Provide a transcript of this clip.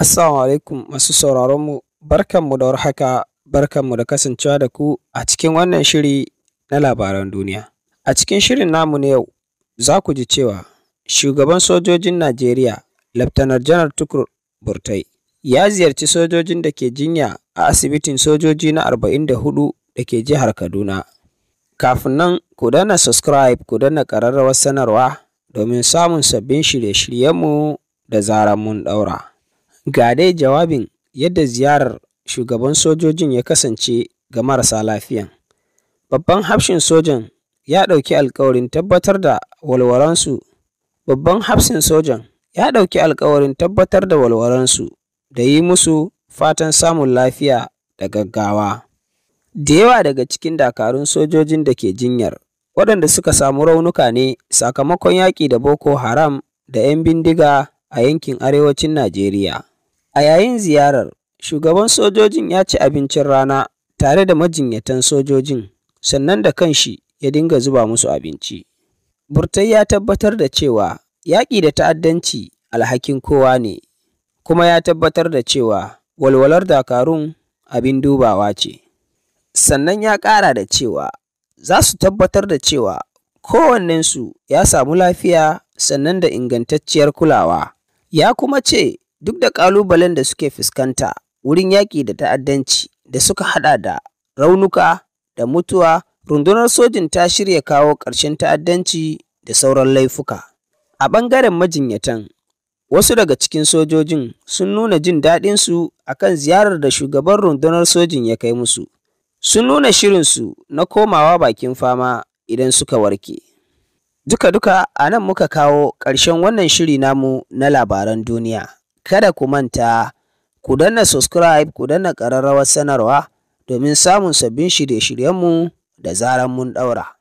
Assalamu alaikum masu sauraron mu barkanmu da warhaka mu da kasancewa da ku a cikin wannan shiri na labaran duniya. A cikin shirin namu na yau za ku ji cewa shugaban sojojin Najeriya Laftanar Janar Tukur Burtai ya ziyarci sojojin da ke jinya a asibitin sojoji na 44 da ke jihar Kaduna. Kafin nan ku dana subscribe ku dana ƙararrawar sanarwa domin samun sabbin shirye-shiryenmu da zaran mun ɗaura. Ga dai jawabin yadda ziyarar shugaban sojojin ya kasance ga marasa lafiyan. Babban hafshin sojan ya ɗauki alkawarin tabbatar da walwaransu, Babban hafsin sojan ya ɗauki alkawarin tabbatar da walwaransu da yi musu fatan samun lafiya da gaggawa. Da yawa daga cikin dakarun sojojin da ke jinyar, waɗanda suka samu raunuka ne sakamakon yaƙi da Boko Haram da 'yan bindiga a yankin arewacin Najeriya. A yayin ziyarar, shugaban sojojin ya ci abincin rana tare da majinyatan sojojin sannan da kanshi ya dinga zuba musu abinci. Burtai ya tabbatar da cewa yaƙi da ta'addanci alhakin kowa ne, kuma ya tabbatar da cewa walwalar Dakarun abin dubawa ce. Sannan ya ƙara da cewa za su tabbatar da cewa kowannensu ya samu lafiya sannan da ingantacciyar kulawa. Ya kuma ce Duk da ƙalubalen da suke fuskanta wurin yaƙi da ta'addanci da suka haɗa da raunuka da mutuwa, rundunar sojin ta shirya kawo ƙarshen ta'addanci da sauran laifuka. A ɓangaren majinyatan, wasu daga cikin sojojin sun nuna jin daɗinsu a kan ziyarar da shugaban rundunar sojin ya kai musu. Sun nuna shirinsu na komawa bakin fama idan suka warke. Duka-duka a nan muka kawo ƙarshen wannan shiri namu na labaran duniya. kada ku manta ku danna subscribe ku danna ƙararrawar sanarwa domin samun sabbin shirye-shiryenmu da zaran mun ɗaura.